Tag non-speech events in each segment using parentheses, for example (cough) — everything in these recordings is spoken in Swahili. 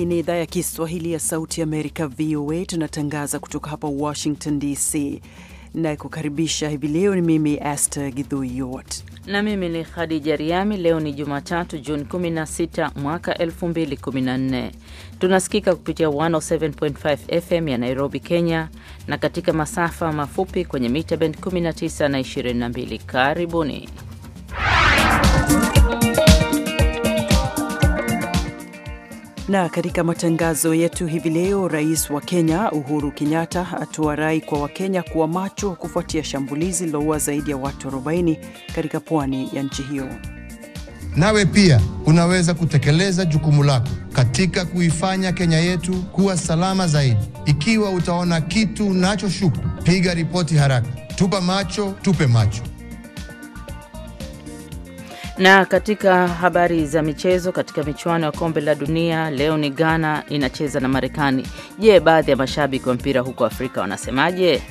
Hii ni idhaa ya Kiswahili ya Sauti ya Amerika, VOA. Tunatangaza kutoka hapa Washington DC na kukaribisha hivi leo. Ni mimi Aster Gidhyot na mimi ni Khadija Riami. Leo ni Jumatatu, Juni 16 mwaka 2014. Tunasikika kupitia 107.5 FM ya Nairobi, Kenya, na katika masafa mafupi kwenye mita bend 19 na 22. Karibuni. Na katika matangazo yetu hivi leo, rais wa Kenya Uhuru Kenyatta atoa rai kwa Wakenya kuwa macho kufuatia shambulizi liloua zaidi ya watu 40 katika pwani ya nchi hiyo. Nawe pia unaweza kutekeleza jukumu lako katika kuifanya Kenya yetu kuwa salama zaidi. Ikiwa utaona kitu unachoshuku, piga ripoti haraka. Tupa macho, tupe macho. Na katika habari za michezo, katika michuano ya kombe la dunia leo ni Ghana inacheza na Marekani. Je, baadhi ya mashabiki wa mpira huko Afrika wanasemaje?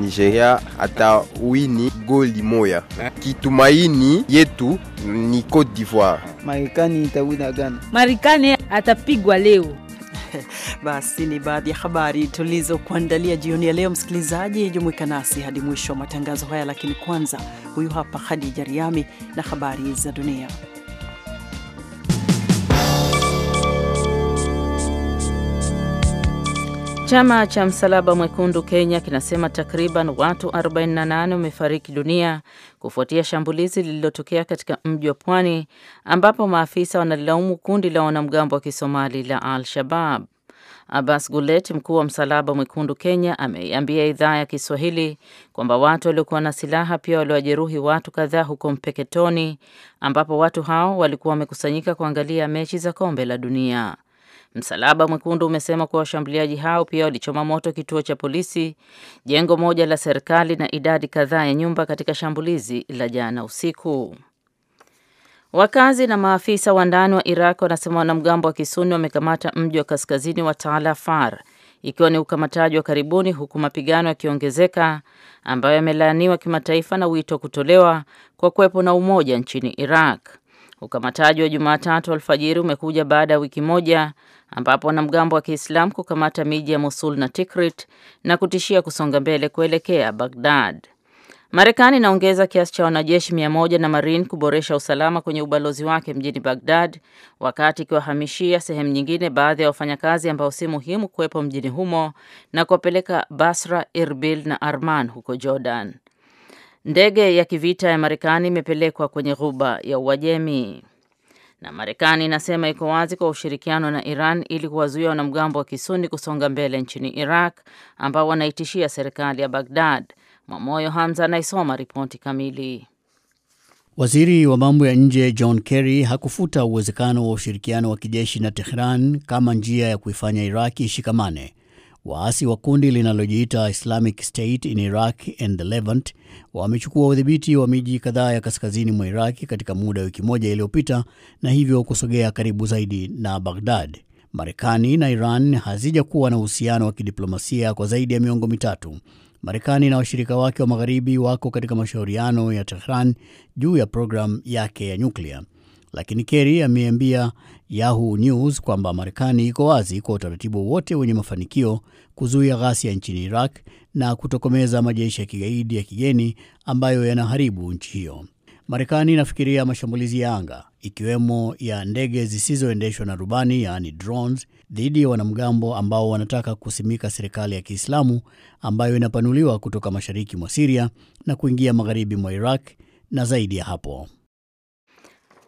Nigeria atawini goli moya. Kitumaini yetu ni Cote d'Ivoire. Marekani itawina Ghana. Marekani atapigwa leo (laughs) Basi ni baadhi ya habari tulizokuandalia jioni ya leo. Msikilizaji, jumuika nasi hadi mwisho wa matangazo haya, lakini kwanza, huyu hapa Khadija Riami na habari za dunia. Chama cha Msalaba Mwekundu Kenya kinasema takriban watu 48 wamefariki dunia kufuatia shambulizi lililotokea katika mji wa Pwani ambapo maafisa wanalilaumu kundi la wanamgambo wa Kisomali la al shabab Abbas Gulet, mkuu wa Msalaba Mwekundu Kenya, ameiambia idhaa ya Kiswahili kwamba watu waliokuwa na silaha pia waliwajeruhi watu kadhaa huko Mpeketoni, ambapo watu hao walikuwa wamekusanyika kuangalia mechi za kombe la dunia. Msalaba Mwekundu umesema kuwa washambuliaji hao pia walichoma moto kituo cha polisi, jengo moja la serikali na idadi kadhaa ya nyumba katika shambulizi la jana usiku. Wakazi na maafisa wa ndani wa Iraq wanasema wanamgambo wa Kisuni wamekamata mji wa kaskazini wa taalafar ikiwa ni ukamataji wa karibuni huku mapigano yakiongezeka ambayo yamelaaniwa kimataifa na wito wa kutolewa kwa kuwepo na umoja nchini Iraq. Ukamataji wa Jumatatu alfajiri umekuja baada ya wiki moja ambapo wanamgambo wa Kiislam kukamata miji ya Mosul na Tikrit na kutishia kusonga mbele kuelekea Baghdad. Marekani inaongeza kiasi cha wanajeshi mia moja na marine kuboresha usalama kwenye ubalozi wake mjini Baghdad, wakati ikiwahamishia sehemu nyingine baadhi ya wafanyakazi ambao si muhimu kuwepo mjini humo na kuwapeleka Basra, Irbil na Arman huko Jordan. Ndege ya kivita ya Marekani imepelekwa kwenye ghuba ya Uajemi. Na Marekani inasema iko wazi kwa ushirikiano na Iran ili kuwazuia wanamgambo wa Kisuni kusonga mbele nchini Iraq ambao wanaitishia serikali ya Baghdad. Mwamoyo Hamza anaisoma ripoti kamili. Waziri wa mambo ya nje John Kerry hakufuta uwezekano wa ushirikiano wa kijeshi na Tehran kama njia ya kuifanya Iraki ishikamane Waasi wa kundi linalojiita Islamic State in Iraq and the Levant wamechukua udhibiti wa miji kadhaa ya kaskazini mwa iraqi katika muda wiki moja iliyopita na hivyo kusogea karibu zaidi na Baghdad. Marekani na Iran hazijakuwa na uhusiano wa kidiplomasia kwa zaidi ya miongo mitatu. Marekani na washirika wake wa magharibi wako katika mashauriano ya Tehran juu ya programu yake ya nyuklia lakini Kerry ameambia Yahoo News kwamba Marekani iko wazi kwa utaratibu wote wenye mafanikio kuzuia ghasia nchini Iraq na kutokomeza majeshi ya kigaidi ya kigeni ambayo yanaharibu nchi hiyo. Marekani inafikiria mashambulizi ya anga ikiwemo ya ndege zisizoendeshwa na rubani yaani drones dhidi ya wanamgambo ambao wanataka kusimika serikali ya Kiislamu ambayo inapanuliwa kutoka mashariki mwa Siria na kuingia magharibi mwa Iraq na zaidi ya hapo.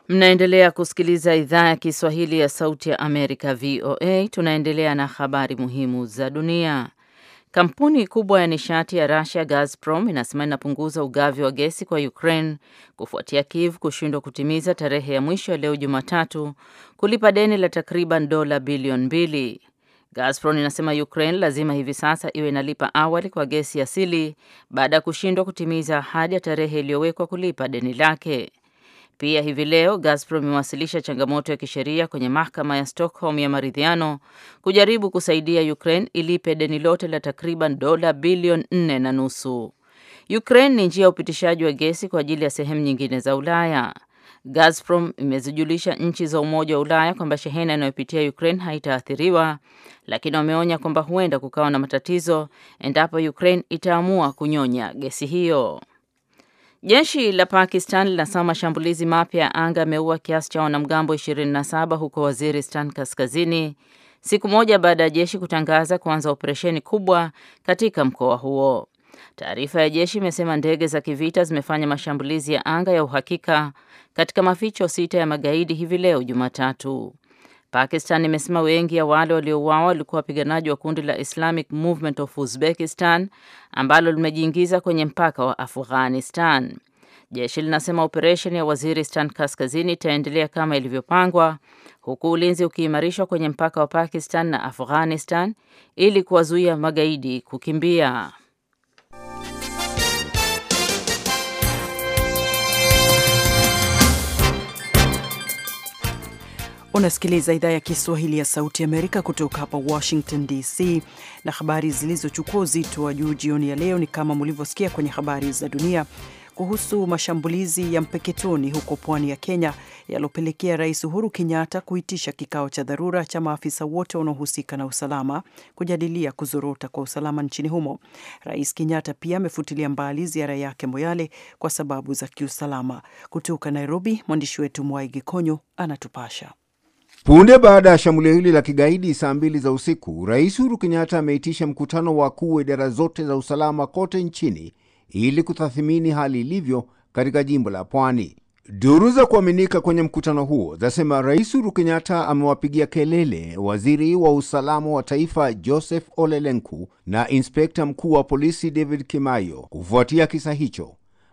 Mnaendelea kusikiliza idhaa ya Kiswahili ya Sauti ya Amerika, VOA. Tunaendelea na habari muhimu za dunia. Kampuni kubwa ya nishati ya Russia Gazprom inasema inapunguza ugavi wa gesi kwa Ukraine kufuatia Kiev kushindwa kutimiza tarehe ya mwisho ya leo Jumatatu kulipa deni la takriban dola bilioni mbili. Gazprom inasema Ukraine lazima hivi sasa iwe inalipa awali kwa gesi asili baada ya kushindwa kutimiza ahadi ya tarehe iliyowekwa kulipa deni lake. Pia hivi leo Gazprom imewasilisha changamoto ya kisheria kwenye mahakama ya Stockholm ya maridhiano kujaribu kusaidia Ukraine ilipe deni lote la takriban dola bilioni nne na nusu. Ukraine ni njia ya upitishaji wa gesi kwa ajili ya sehemu nyingine za Ulaya. Gazprom imezijulisha nchi za Umoja wa Ulaya kwamba shehena inayopitia Ukraine haitaathiriwa, lakini wameonya kwamba huenda kukawa na matatizo endapo Ukraine itaamua kunyonya gesi hiyo. Jeshi la Pakistan linasema mashambulizi mapya ya anga yameua kiasi cha wanamgambo 27 huko Waziristan Kaskazini, siku moja baada ya jeshi kutangaza kuanza operesheni kubwa katika mkoa huo. Taarifa ya jeshi imesema ndege za kivita zimefanya mashambulizi ya anga ya uhakika katika maficho sita ya magaidi hivi leo Jumatatu. Pakistan imesema wengi ya wale waliouawa walikuwa wapiganaji wa kundi la Islamic Movement of Uzbekistan ambalo limejiingiza kwenye mpaka wa Afghanistan. Jeshi linasema operesheni ya Waziristan kaskazini itaendelea kama ilivyopangwa, huku ulinzi ukiimarishwa kwenye mpaka wa Pakistan na Afghanistan ili kuwazuia magaidi kukimbia. Unasikiliza idhaa ya Kiswahili ya Sauti Amerika kutoka hapa Washington DC, na habari zilizochukua uzito wa juu jioni ya leo ni kama mlivyosikia kwenye habari za dunia kuhusu mashambulizi ya Mpeketoni huko pwani ya Kenya yalopelekea Rais Uhuru Kenyatta kuitisha kikao cha dharura cha maafisa wote wanaohusika na usalama kujadilia kuzorota kwa usalama nchini humo. Rais Kenyatta pia amefutilia mbali ziara yake Moyale kwa sababu za kiusalama. Kutoka Nairobi, mwandishi wetu mwaigi konyo anatupasha. Punde baada ya shambulio hili la kigaidi saa mbili za usiku, Rais Uhuru Kenyatta ameitisha mkutano wa wakuu wa idara zote za usalama kote nchini ili kutathmini hali ilivyo katika jimbo la Pwani. Duru za kuaminika kwenye mkutano huo zasema Rais Uhuru Kenyatta amewapigia kelele waziri wa usalama wa taifa Joseph Ole Lenku na inspekta mkuu wa polisi David Kimayo kufuatia kisa hicho.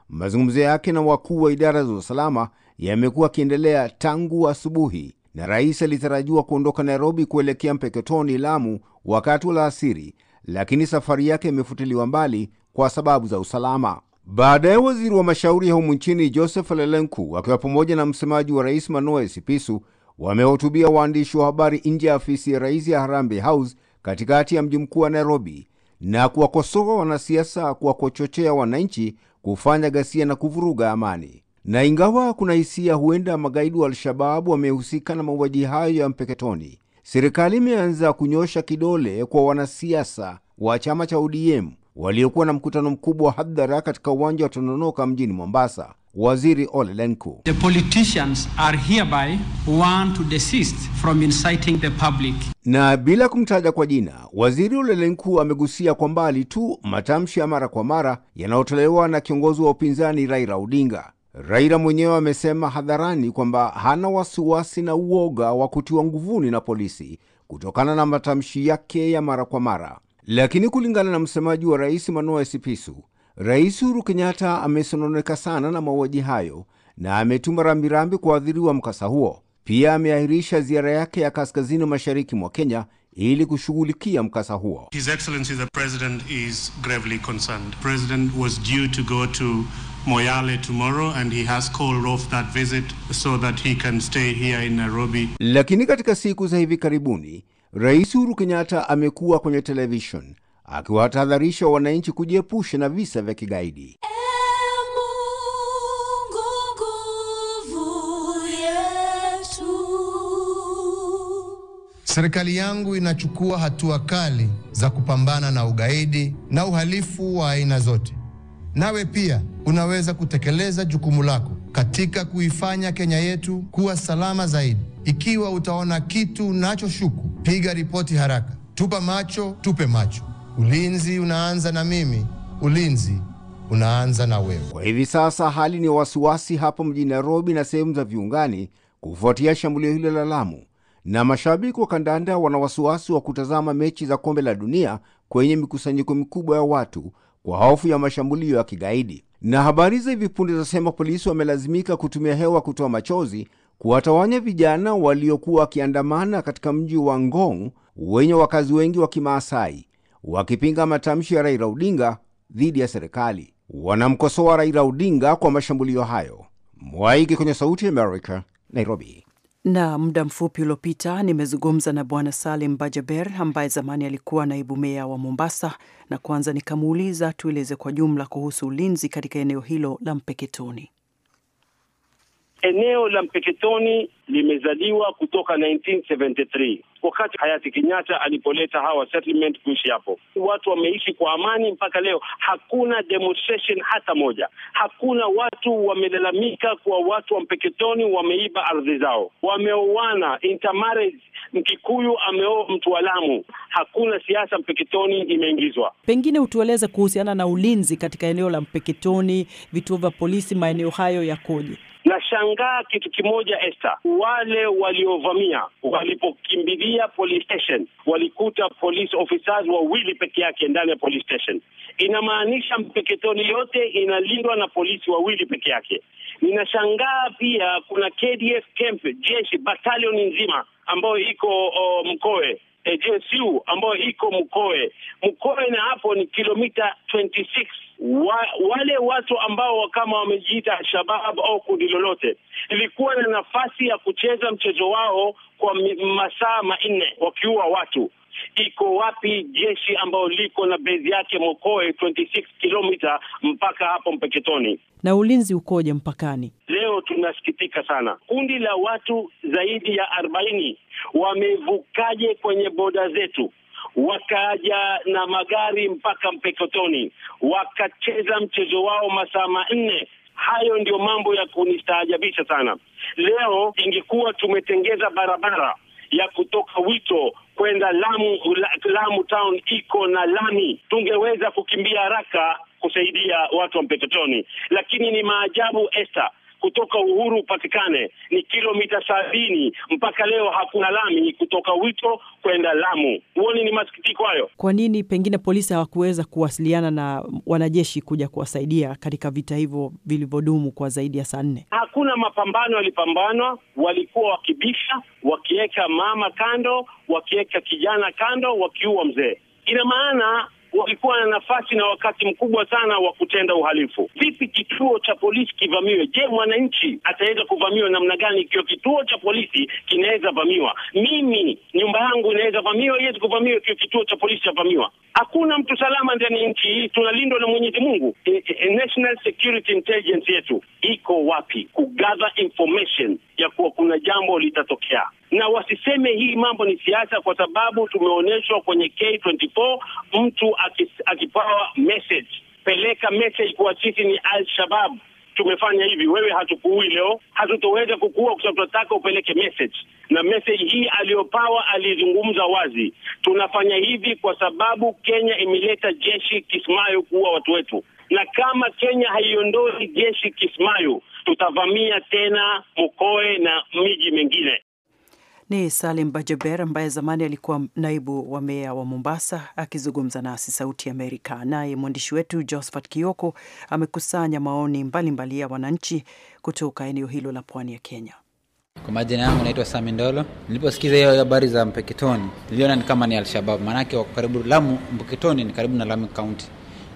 Mazungumzo yake na wakuu wa idara za usalama yamekuwa akiendelea tangu asubuhi na rais alitarajiwa kuondoka Nairobi kuelekea Mpeketoni, Lamu, wakati wa alasiri, lakini safari yake imefutiliwa mbali kwa sababu za usalama. Baadaye waziri wa mashauri ya humu nchini Joseph Lelenku akiwa pamoja na msemaji wa rais Manoe Sipisu wamehutubia waandishi wa habari nje ya afisi ya rais ya Harambee House katikati ya mji mkuu wa Nairobi na kuwakosoa wanasiasa kwa kuchochea wananchi kufanya ghasia na kuvuruga amani na ingawa kuna hisia huenda magaidi wa Al-Shababu wamehusika na mauaji hayo ya Mpeketoni, serikali imeanza kunyosha kidole kwa wanasiasa wa chama cha ODM waliokuwa na mkutano mkubwa wa hadhara katika uwanja wa Tononoka mjini Mombasa. Waziri Ole Lenku: The politicians are hereby warned to desist from inciting the public. Na bila kumtaja kwa jina, Waziri Ole Lenku amegusia kwa mbali tu matamshi ya mara kwa mara yanayotolewa na kiongozi wa upinzani Raila Odinga Raila mwenyewe amesema hadharani kwamba hana wasiwasi na uoga wa kutiwa nguvuni na polisi kutokana na matamshi yake ya mara kwa mara. Lakini kulingana na msemaji wa rais Manoa Esipisu, Rais Uhuru Kenyatta amesononeka sana na mauaji hayo na ametuma rambirambi kwa mkasa huo. Pia ameahirisha ziara yake ya kaskazini mashariki mwa Kenya ili kushughulikia mkasa huo. His Excellency the President is gravely concerned. President was due to go to Moyale tomorrow and he has called off that visit so that he can stay here in Nairobi. Lakini katika siku za hivi karibuni, Rais Uhuru Kenyatta amekuwa kwenye television akiwatahadharisha wananchi kujiepusha na visa vya kigaidi. Serikali yangu inachukua hatua kali za kupambana na ugaidi na uhalifu wa aina zote. Nawe pia unaweza kutekeleza jukumu lako katika kuifanya Kenya yetu kuwa salama zaidi. Ikiwa utaona kitu unachoshuku, piga ripoti haraka. Tupa macho, tupe macho. Ulinzi unaanza na mimi, ulinzi unaanza na wewe. Kwa hivi sasa hali ni wasiwasi hapo mjini Nairobi na sehemu za viungani kufuatia shambulio hilo la Lamu, na mashabiki wa kandanda wana wasiwasi wa kutazama mechi za kombe la dunia kwenye mikusanyiko mikubwa ya watu kwa hofu ya mashambulio ya kigaidi. Na habari za hivi punde zasema polisi wamelazimika kutumia hewa kutoa machozi kuwatawanya vijana waliokuwa wakiandamana katika mji wa Ngong wenye wakazi wengi wa Kimaasai wakipinga matamshi ya Raila Odinga dhidi ya serikali. Wanamkosoa Raila Odinga kwa mashambulio hayo. Mwaiki kwenye Sauti ya America, Nairobi. Na muda mfupi uliopita nimezungumza na Bwana Salim Bajaber ambaye zamani alikuwa naibu meya wa Mombasa, na kwanza nikamuuliza tueleze kwa jumla kuhusu ulinzi katika eneo hilo la Mpeketoni eneo la Mpeketoni limezaliwa kutoka 1973 wakati hayati Kenyatta alipoleta hawa settlement kuishi hapo. Watu wameishi kwa amani mpaka leo, hakuna demonstration hata moja, hakuna watu wamelalamika kwa watu wa Mpeketoni wameiba ardhi zao, wameoana intermarriage. Mkikuyu ameoa mtu wa Lamu, hakuna siasa Mpeketoni imeingizwa. Pengine utueleze kuhusiana na ulinzi katika eneo la Mpeketoni, vituo vya polisi maeneo hayo yakoje? Nashangaa kitu kimoja Esther, wale waliovamia walipokimbilia police station walikuta police officers wawili peke yake ndani ya police station. Inamaanisha Mpeketoni yote inalindwa na polisi wawili peke yake. Ninashangaa pia kuna KDF camp, jeshi batalioni nzima ambayo iko oh, Mkoe eh, ambayo iko Mkoe. Mkoe na hapo ni kilomita 26. Wa, wale watu ambao kama wamejiita Shabab au kundi lolote ilikuwa na nafasi ya kucheza mchezo wao kwa masaa manne wakiua watu iko wapi jeshi ambayo liko na bezi yake Mokoe 26 kilomita mpaka hapo Mpeketoni? Na ulinzi ukoje mpakani? Leo tunasikitika sana, kundi la watu zaidi ya arobaini wamevukaje kwenye boda zetu wakaja na magari mpaka Mpeketoni, wakacheza mchezo wao masaa manne. Hayo ndio mambo ya kunistaajabisha sana. Leo ingekuwa tumetengeza barabara ya kutoka Wito kwenda Lamu, Lamu town iko na lami, tungeweza kukimbia haraka kusaidia watu wa Mpeketoni, lakini ni maajabu Esther kutoka Uhuru upatikane ni kilomita sabini. Mpaka leo hakuna lami kutoka Wito kwenda Lamu. Huoni ni masikitiko hayo? Kwa nini pengine polisi hawakuweza kuwasiliana na wanajeshi kuja kuwasaidia katika vita hivyo vilivyodumu kwa zaidi ya saa nne? Hakuna mapambano yalipambanwa, walikuwa wakibisha, wakiweka mama kando, wakiweka kijana kando, wakiua mzee. Ina maana walikuwa na nafasi na wakati mkubwa sana wa kutenda uhalifu. Vipi kituo cha polisi kivamiwe? Je, mwananchi ataweza kuvamiwa namna gani ikiwa kituo cha polisi kinaweza vamiwa? Mimi nyumba yangu inaweza vamiwa, iwezi kuvamiwa ikiwa kituo cha polisi chavamiwa. Hakuna mtu salama ndani ya nchi hii, tunalindwa na Mwenyezi Mungu. E, e, National Security Intelligence yetu iko wapi kugather information ya kuwa kuna jambo litatokea? na wasiseme hii mambo ni siasa, kwa sababu tumeonyeshwa kwenye K24 mtu akipawa message, peleka message kuwa sisi ni Al Shabab, tumefanya hivi, wewe hatukuui leo, hatutoweza kukua kwa sababu tunataka upeleke message. Na message hii aliyopawa alizungumza wazi, tunafanya hivi kwa sababu Kenya imeleta jeshi Kismayo kuua watu wetu, na kama Kenya haiondoi jeshi Kismayo tutavamia tena mkoe na miji mingine. Ni Salim Bajaber ambaye zamani alikuwa naibu wa meya wa Mombasa akizungumza nasi Sauti Amerika. Naye mwandishi wetu Josphat Kioko amekusanya maoni mbalimbali mbali ya wananchi kutoka eneo hilo la pwani ya Kenya. Kwa majina yangu naitwa Sami Ndolo. Niliposikiza hiyo habari za Mpeketoni niliona ni kama ni Alshabab, maanake wako karibu Lamu. Mpeketoni ni karibu na Lamu Kaunti,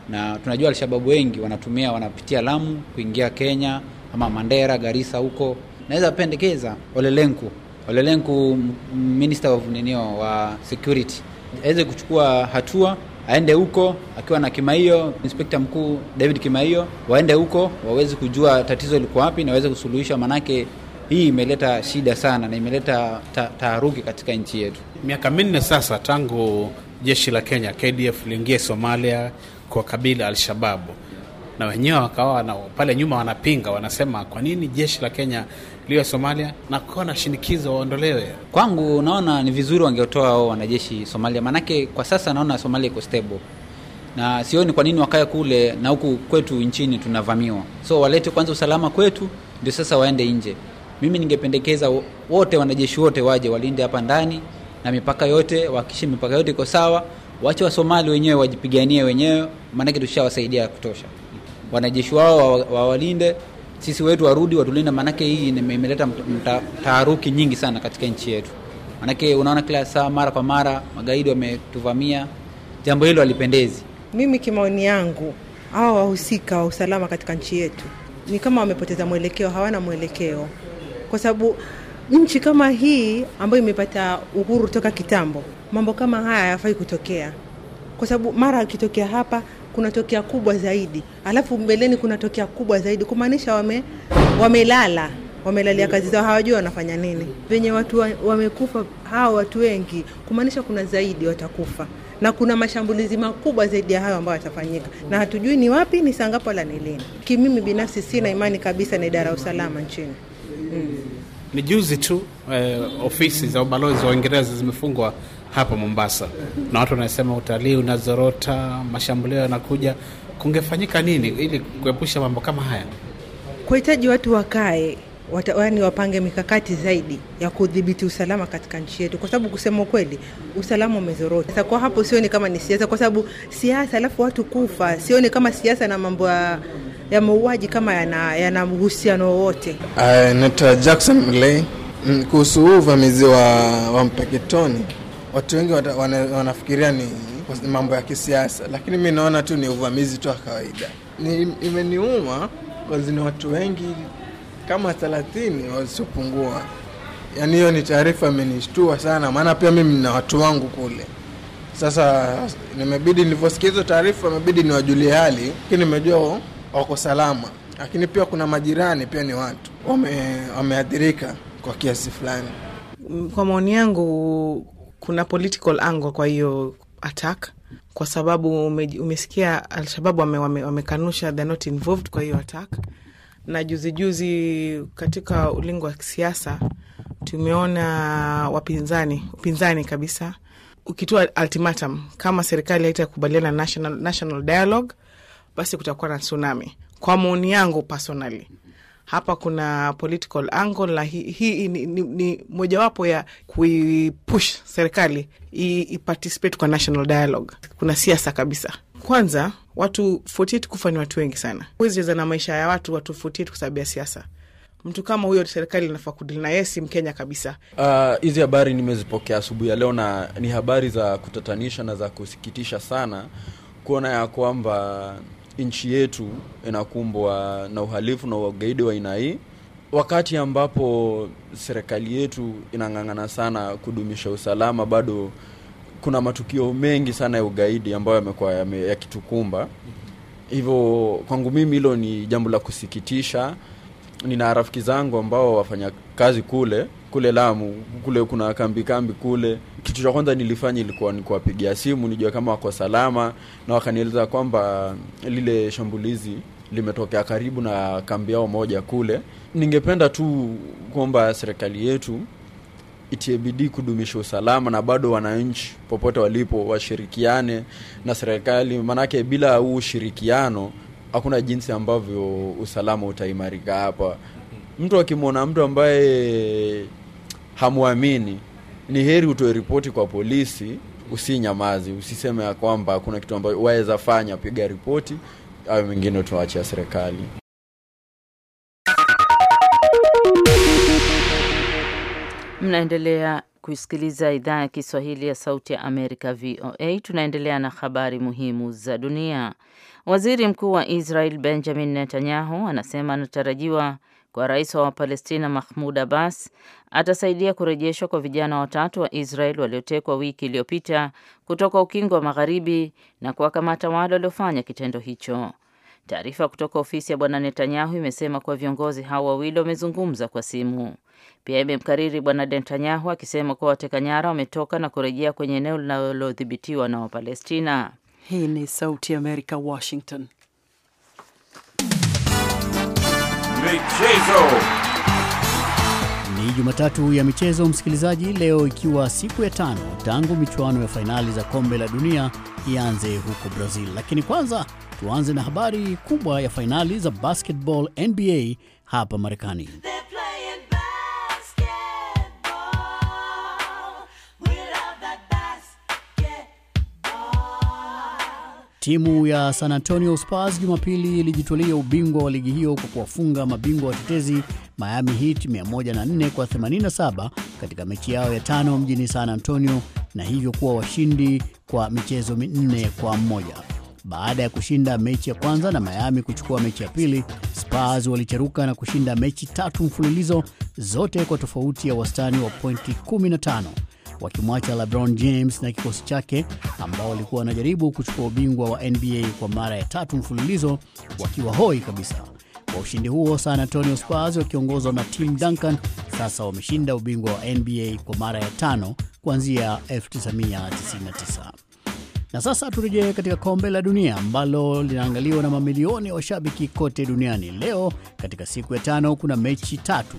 na tunajua Alshababu wengi wanatumia wanapitia Lamu kuingia Kenya ama Mandera, Garisa huko. Naweza pendekeza Olelenku Ole minister of ninio wa security, aweze kuchukua hatua, aende huko akiwa na kimaiyo inspekta mkuu David Kimaio, waende huko waweze kujua tatizo liko wapi na waweze kusuluhisha, manake hii imeleta shida sana na imeleta taharuki ta katika nchi yetu. Miaka minne sasa tangu jeshi la Kenya KDF liingie Somalia kwa kabila Alshababu, na wenyewe wakawa pale nyuma wanapinga, wanasema kwa nini jeshi la Kenya liwe Somalia na kukawa na shinikizo waondolewe. Kwangu naona ni vizuri wangeotoa hao wanajeshi Somalia, maanake kwa sasa naona Somalia iko stable na sioni kwa nini wakae kule na huku kwetu nchini tunavamiwa. So walete kwanza usalama kwetu, ndio sasa waende nje. Mimi ningependekeza wote wanajeshi wote waje walinde hapa ndani na mipaka yote, wahakikishe mipaka yote iko sawa, Wache Wasomali wenyewe wajipiganie wenyewe, maanake tushawasaidia ya kutosha. Wanajeshi wao wawalinde wa sisi wetu warudi watulinda maanake hii imeleta taharuki nyingi sana katika nchi yetu. Maanake unaona kila saa, mara kwa mara magaidi wametuvamia. Jambo hilo halipendezi. Mimi kimaoni yangu, hawa wahusika wa usalama katika nchi yetu ni kama wamepoteza mwelekeo, hawana mwelekeo, kwa sababu nchi kama hii ambayo imepata uhuru toka kitambo, mambo kama haya hayafai kutokea, kwa sababu mara akitokea hapa kuna tokea kubwa zaidi, alafu mbeleni kuna tokea kubwa zaidi, kumaanisha wame, wamelala wamelalia kazi zao, hawajui wanafanya nini. Venye watu wa, wamekufa hawa watu wengi, kumaanisha kuna zaidi watakufa, na kuna mashambulizi makubwa zaidi ya hayo ambayo yatafanyika, na hatujui ni wapi, ni sangapo la nilini. Kimimi binafsi sina imani kabisa na idara ya usalama nchini mm. Ni juzi tu eh, ofisi za ubalozi wa Uingereza zimefungwa hapa Mombasa, na watu wanasema utalii unazorota, mashambulio yanakuja. Kungefanyika nini ili kuepusha mambo kama haya? Kuhitaji watu wakae yani wapange mikakati zaidi ya kudhibiti usalama katika nchi yetu, kwa sababu kusema ukweli, usalama umezorota. Sasa kwa hapo sioni kama ni siasa, kwa sababu siasa alafu watu kufa, sioni kama siasa na mambo ya, ya mauaji kama yana yana uhusiano wowote. Uh, naitwa Jackson Mlay mm, kuhusu huu uvamizi wa, wa Mpeketoni watu wengi wana, wanafikiria ni mambo ya kisiasa, lakini mi naona tu ni uvamizi tu wa kawaida. Imeniuma kazi ni watu wengi kama thelathini wasiopungua. Yani hiyo ni taarifa imenishtua sana, maana pia mimi na watu wangu kule. Sasa nimebidi nilivyosikia hizo taarifa, imebidi niwajulie hali, lakini nimejua wako salama, lakini pia kuna majirani pia ni watu wameathirika wame kwa kiasi fulani. Kwa maoni yangu kuna political angle kwa hiyo attack kwa sababu ume, umesikia Alshababu wamekanusha wame, wame they're not involved kwa hiyo attack. Na juzi juzi katika ulingo wa kisiasa tumeona wapinzani upinzani kabisa ukitoa ultimatum kama serikali haitakubaliana national, national dialogue basi kutakuwa na tsunami. Kwa maoni yangu personally hapa kuna political angle na hii hi, ni, ni, ni mojawapo ya kuipush serikali iparticipate kwa national dialogue. Kuna siasa kabisa. Kwanza watu 48 kufa ni watu wengi sana, huwezi cheza na maisha ya watu watu 48 kwa sababu ya siasa. Mtu kama huyo serikali inafaa kudili na yeye, si Mkenya kabisa. Ah, hizi uh, habari nimezipokea asubuhi ya leo na ni habari za kutatanisha na za kusikitisha sana kuona ya kwamba nchi yetu inakumbwa na uhalifu na ugaidi wa aina hii, wakati ambapo serikali yetu inang'ang'ana sana kudumisha usalama, bado kuna matukio mengi sana ya ugaidi ambayo yamekuwa yakitukumba ya hivyo kwangu mimi hilo ni jambo la kusikitisha. Nina rafiki zangu ambao wafanya kazi kule kule Lamu kule kuna kambi kambi kule. Kitu cha kwanza nilifanya ilikuwa ni kuwapigia simu nijue kama wako salama, na wakanieleza kwamba lile shambulizi limetokea karibu na kambi yao moja kule. Ningependa tu kuomba serikali yetu itie kudumisha usalama na bado wananchi popote walipo washirikiane na serikali, maanake bila huu ushirikiano hakuna jinsi ambavyo usalama utaimarika hapa. Mtu akimwona mtu ambaye hamwamini, ni heri utoe ripoti kwa polisi, usinyamazi, usiseme ya kwamba kuna kitu ambacho waweza fanya. Piga ripoti, ayo mengine tunaachia serikali. Mnaendelea kuisikiliza idhaa ya Kiswahili ya Sauti ya Amerika, VOA. Tunaendelea na habari muhimu za dunia. Waziri Mkuu wa Israel Benjamin Netanyahu anasema anatarajiwa kwa rais wa Wapalestina Mahmud Abbas atasaidia kurejeshwa kwa vijana watatu wa Israel waliotekwa wiki iliyopita kutoka ukingo wa magharibi na kuwakamata wale waliofanya kitendo hicho. Taarifa kutoka ofisi ya bwana Netanyahu imesema kuwa viongozi hao wawili wamezungumza kwa simu. Pia imemkariri bwana Netanyahu akisema kuwa wateka nyara wametoka na kurejea kwenye eneo linalodhibitiwa na Wapalestina. Hii ni Sauti ya Amerika, Washington. Michezo. Ni Jumatatu ya michezo, msikilizaji, leo ikiwa siku ya tano tangu michuano ya fainali za kombe la dunia ianze huko Brazil. Lakini kwanza tuanze na habari kubwa ya fainali za basketball NBA hapa Marekani. Timu ya San Antonio Spurs Jumapili ilijitolea ubingwa wa ligi hiyo kwa kuwafunga mabingwa watetezi Miami Heat 104 kwa 87 katika mechi yao ya tano mjini San Antonio na hivyo kuwa washindi kwa michezo minne kwa mmoja. Baada ya kushinda mechi ya kwanza na Miami kuchukua mechi ya pili, Spurs walicheruka na kushinda mechi tatu mfululizo zote kwa tofauti ya wastani wa pointi 15 wakimwacha LeBron James na kikosi chake ambao walikuwa wanajaribu kuchukua ubingwa wa NBA kwa mara ya tatu mfululizo wakiwa hoi kabisa. Kwa ushindi huo, San Antonio spars wakiongozwa na Tim Duncan sasa wameshinda ubingwa wa NBA kwa mara ya tano kuanzia 1999. Na sasa turejee katika kombe la dunia ambalo linaangaliwa na mamilioni ya wa washabiki kote duniani. Leo katika siku ya tano kuna mechi tatu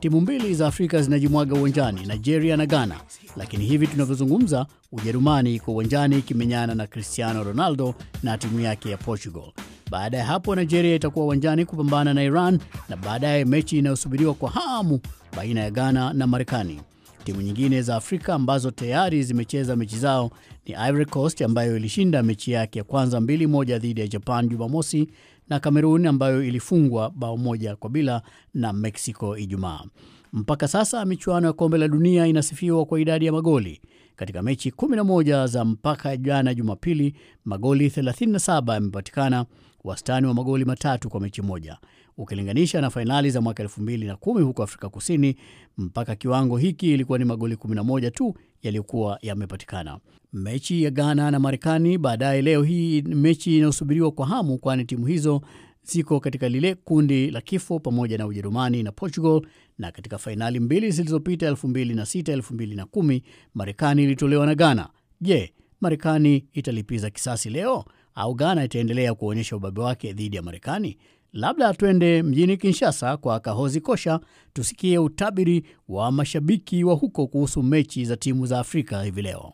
Timu mbili za Afrika zinajimwaga uwanjani, Nigeria na Ghana, lakini hivi tunavyozungumza, Ujerumani iko uwanjani ikimenyana na Cristiano Ronaldo na timu yake ya Portugal. Baada ya hapo, Nigeria itakuwa uwanjani kupambana na Iran na baadaye mechi inayosubiriwa kwa hamu baina ya Ghana na Marekani. Timu nyingine za Afrika ambazo tayari zimecheza mechi zao ni Ivory Coast ambayo ilishinda mechi yake ya kwanza 2 dhidi ya Japan Jumamosi na cameron ambayo ilifungwa bao moja kwa bila na Mexico Ijumaa. Mpaka sasa michuano ya kombe la dunia inasifiwa kwa idadi ya magoli. Katika mechi 11 za mpaka jana Jumapili, magoli 37 yamepatikana, wastani wa magoli matatu kwa mechi moja, ukilinganisha na fainali za mwaka el21 huko Afrika Kusini. Mpaka kiwango hiki ilikuwa ni magoli 11 tu yaliyokuwa yamepatikana. Mechi ya Ghana na Marekani baadaye leo hii, mechi inayosubiriwa kwa hamu, kwani timu hizo ziko katika lile kundi la kifo pamoja na Ujerumani na Portugal. Na katika fainali mbili zilizopita 2006, 2010, Marekani ilitolewa na Ghana. Je, Marekani italipiza kisasi leo au Ghana itaendelea kuonyesha ubabe wake dhidi ya Marekani? Labda twende mjini Kinshasa kwa Kahozi Kosha tusikie utabiri wa mashabiki wa huko kuhusu mechi za timu za Afrika hivi leo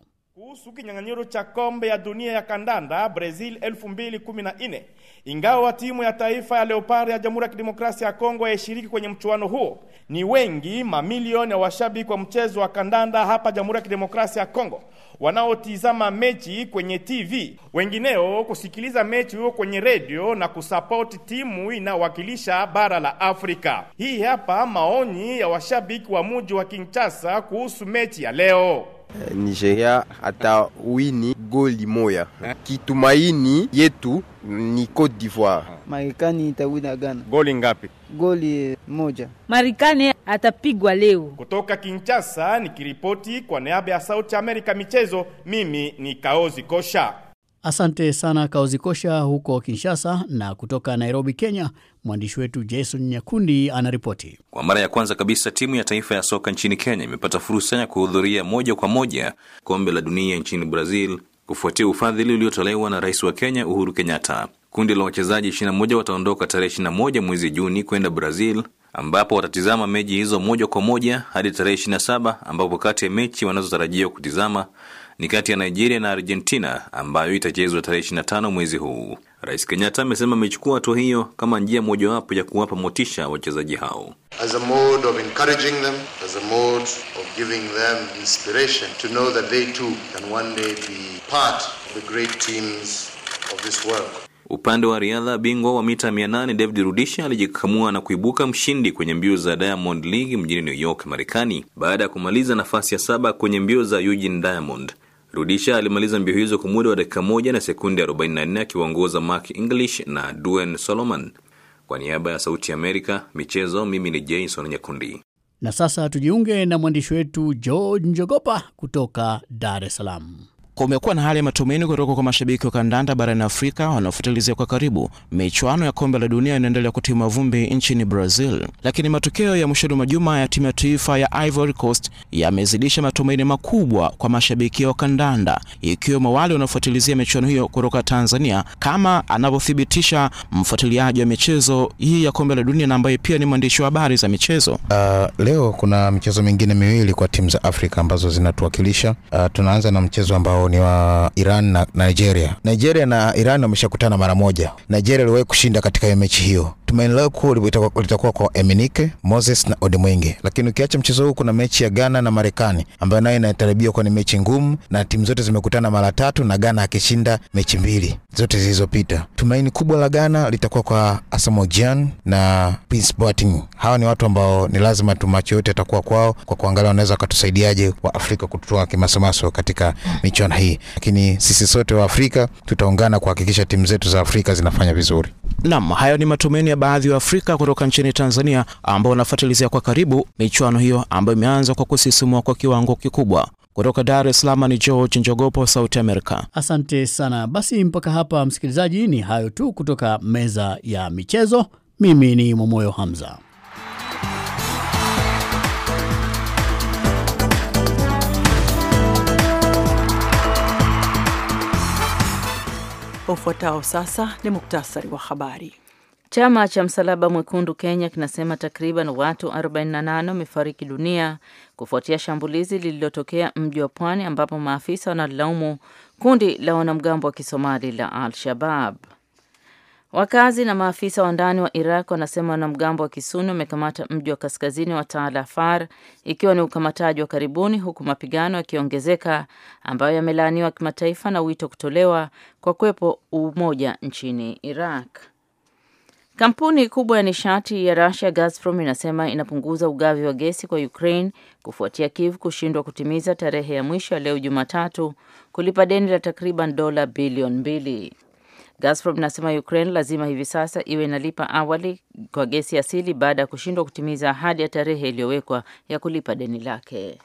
kuhusu kinyang'anyiro cha kombe ya dunia ya kandanda Brazil 2014 ingawa timu ya taifa ya Leopard ya Jamhuri ya Kidemokrasia ya Kongo haishiriki kwenye mchuano huo, ni wengi mamilioni ya washabiki wa mchezo wa kandanda hapa Jamhuri ya Kidemokrasia ya Kongo wanaotizama mechi kwenye TV, wengineo kusikiliza mechi hiyo kwenye redio na kusapoti timu inayowakilisha bara la Afrika. Hii hapa maoni ya washabiki wa muji wa Kinshasa kuhusu mechi ya leo. Eh, Nigeria atawini wini goli moya. Kitumaini yetu ni Cote d'Ivoire. Marekani itawina Ghana goli ngapi? Goli eh, moja. Marekani atapigwa leo. Kutoka Kinshasa nikiripoti kwa niaba ya Sauti Amerika michezo, mimi ni Kaozi Kosha. Asante sana Kaozikosha huko Kinshasa. Na kutoka Nairobi, Kenya, mwandishi wetu Jason Nyakundi anaripoti. Kwa mara ya kwanza kabisa timu ya taifa ya soka nchini Kenya imepata fursa ya kuhudhuria moja kwa moja kombe la dunia nchini Brazil kufuatia ufadhili uliotolewa na rais wa Kenya Uhuru Kenyatta. Kundi la wachezaji 21 wataondoka tarehe 21 mwezi Juni kwenda Brazil ambapo watatizama mechi hizo moja kwa moja hadi tarehe 27 ambapo kati ya mechi wanazotarajiwa kutizama ni kati ya Nigeria na Argentina ambayo itachezwa tarehe 25 mwezi huu. Rais Kenyatta amesema amechukua hatua hiyo kama njia mojawapo ya kuwapa motisha wachezaji hao. Upande wa riadha, bingwa wa mita 800 David Rudisha alijikakamua na kuibuka mshindi kwenye mbio za Diamond League mjini New York, Marekani, baada ya kumaliza nafasi ya saba kwenye mbio za Eugene Diamond. Rudisha alimaliza mbio hizo kwa muda wa dakika moja na sekunde 44 akiwaongoza Mark English na Duen Solomon. Kwa niaba ya Sauti ya Amerika michezo, mimi ni Jason Nyakundi. Na sasa tujiunge na mwandishi wetu George Njogopa kutoka Dar es Salaam. Kumekuwa na hali ya matumaini kutoka kwa mashabiki wa kandanda barani Afrika wanaofuatilizia kwa karibu michuano ya kombe la dunia inaendelea kutima vumbi nchini Brazil, lakini matokeo ya mwishoni mwa juma ya timu ya taifa ya Ivory Coast yamezidisha matumaini makubwa kwa mashabiki wa kandanda, ikiwemo wale wanaofuatilizia michuano hiyo kutoka Tanzania, kama anavyothibitisha mfuatiliaji wa michezo hii ya kombe la dunia na ambaye pia ni mwandishi wa habari za michezo. Uh, leo kuna michezo mingine miwili kwa timu za Afrika ambazo zinatuwakilisha. Uh, tunaanza na mchezo ambao ambao ni wa Iran na Nigeria. Nigeria na Iran wameshakutana mara moja. Nigeria iliwahi kushinda katika mechi hiyo. Tumaini lao kuu litakuwa kwa Eminike, Moses na Odemwinge, lakini ukiacha mchezo huu kuna mechi ya Ghana na Marekani ambayo nayo inatarajiwa kuwa ni mechi ngumu, na timu zote zimekutana mara tatu na Ghana akishinda mechi mbili zote zilizopita. Tumaini kubwa la Ghana litakuwa kwa Asamoah Gyan na Prince Boateng. Hawa ni watu ambao ni lazima tumacho yote atakuwa kwao kwa kuangalia wanaweza wakatusaidiaje wa Afrika kututoa kimasomaso katika michuano namna hii, lakini sisi sote wa Afrika tutaungana kuhakikisha timu zetu za Afrika zinafanya vizuri. Naam, hayo ni matumaini ya baadhi wa Afrika kutoka nchini Tanzania ambao wanafuatilizia kwa karibu michuano hiyo ambayo imeanza kwa kusisimua kwa kiwango kikubwa. Kutoka Dar es Salaam ni George Njogopo, Sauti Amerika. Asante sana. Basi mpaka hapa msikilizaji, ni hayo tu kutoka meza ya michezo. Mimi ni Momoyo Hamza. Ufuatao sasa ni muktasari wa habari. Chama cha Msalaba Mwekundu Kenya kinasema takriban watu 48 wamefariki dunia kufuatia shambulizi lililotokea mji wa Pwani, ambapo maafisa wanalaumu kundi la wanamgambo wa kisomali la Al-Shabab. Wakazi na maafisa wa ndani wa Iraq wanasema wanamgambo wa Kisuni wamekamata mji wa kaskazini wa Tal Afar, ikiwa ni ukamataji wa karibuni, huku mapigano yakiongezeka ambayo yamelaaniwa kimataifa na wito kutolewa kwa kuwepo umoja nchini Iraq. Kampuni kubwa ya nishati ya Russia Gazprom inasema inapunguza ugavi wa gesi kwa Ukraine kufuatia Kiev kushindwa kutimiza tarehe ya mwisho ya leo Jumatatu kulipa deni la takriban dola bilioni mbili. Gazprom nasema Ukraine lazima hivi sasa iwe inalipa awali kwa gesi asili baada ya kushindwa kutimiza ahadi ya tarehe iliyowekwa ya kulipa deni lake.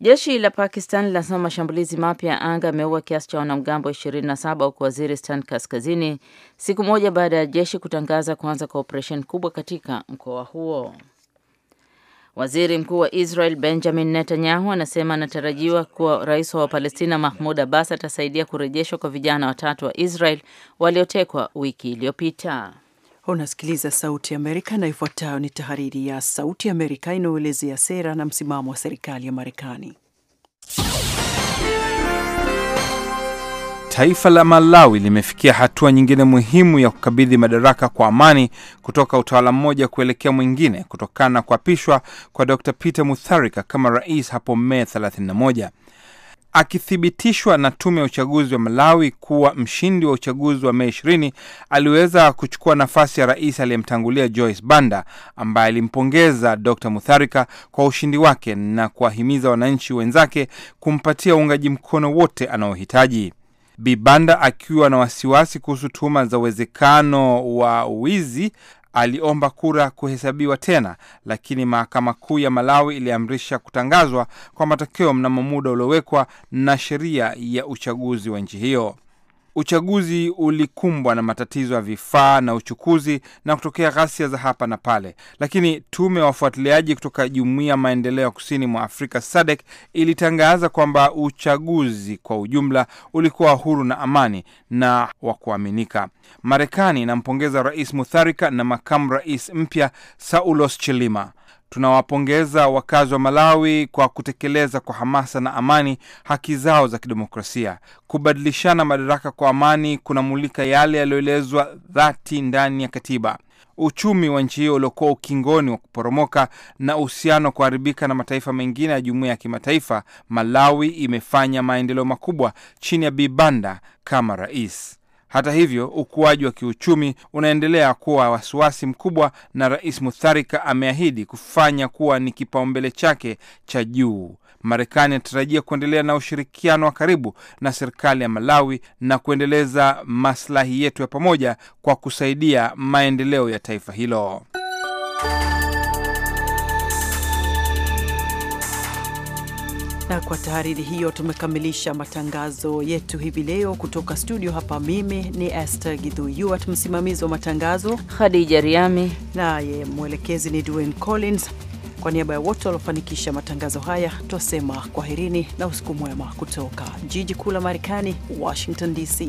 Jeshi la Pakistan linasema mashambulizi mapya ya anga yameua kiasi cha wanamgambo 27 huko Waziristan Kaskazini, siku moja baada ya jeshi kutangaza kuanza kwa operesheni kubwa katika mkoa huo. Waziri Mkuu wa Israel Benjamin Netanyahu anasema anatarajiwa kuwa rais wa Wapalestina Mahmud Abbas atasaidia kurejeshwa kwa vijana watatu wa Israel waliotekwa wiki iliyopita. Unasikiliza Sauti ya Amerika na ifuatayo ni tahariri ya Sauti ya Amerika inayoelezea sera na msimamo wa serikali ya Marekani. Taifa la Malawi limefikia hatua nyingine muhimu ya kukabidhi madaraka kwa amani kutoka utawala mmoja kuelekea mwingine kutokana na kuapishwa kwa Dr. Peter Mutharika kama rais hapo Mei 31. Akithibitishwa na tume ya uchaguzi wa Malawi kuwa mshindi wa uchaguzi wa Mei 20, aliweza kuchukua nafasi ya rais aliyemtangulia Joyce Banda, ambaye alimpongeza Dr. Mutharika kwa ushindi wake na kuwahimiza wananchi wenzake kumpatia uungaji mkono wote anaohitaji. Bibanda akiwa na wasiwasi kuhusu tuhuma za uwezekano wa wizi aliomba kura kuhesabiwa tena, lakini mahakama kuu ya Malawi iliamrisha kutangazwa kwa matokeo mnamo muda uliowekwa na sheria ya uchaguzi wa nchi hiyo. Uchaguzi ulikumbwa na matatizo ya vifaa na uchukuzi na kutokea ghasia za hapa na pale, lakini tume ya wafuatiliaji kutoka jumuiya ya maendeleo ya kusini mwa Afrika SADC ilitangaza kwamba uchaguzi kwa ujumla ulikuwa huru na amani na wa kuaminika. Marekani inampongeza Rais Mutharika na makamu rais mpya Saulos Chilima. Tunawapongeza wakazi wa Malawi kwa kutekeleza kwa hamasa na amani haki zao za kidemokrasia. Kubadilishana madaraka kwa amani kunamulika yale yaliyoelezwa dhati ndani ya katiba. Uchumi wa nchi hiyo uliokuwa ukingoni wa kuporomoka na uhusiano wa kuharibika na mataifa mengine ya jumuiya ya kimataifa, Malawi imefanya maendeleo makubwa chini ya Bibanda kama rais. Hata hivyo, ukuaji wa kiuchumi unaendelea kuwa wasiwasi mkubwa, na Rais Mutharika ameahidi kufanya kuwa ni kipaumbele chake cha juu. Marekani inatarajia kuendelea na ushirikiano wa karibu na serikali ya Malawi na kuendeleza maslahi yetu ya pamoja kwa kusaidia maendeleo ya taifa hilo. Na kwa tahariri hiyo tumekamilisha matangazo yetu hivi leo kutoka studio hapa. Mimi ni Esther Gidhuyuat, msimamizi wa matangazo Khadija Riami, naye mwelekezi ni Dwayne Collins. Kwa niaba ya wote waliofanikisha matangazo haya, twasema kwaherini na usiku mwema kutoka jiji kuu la Marekani, Washington DC.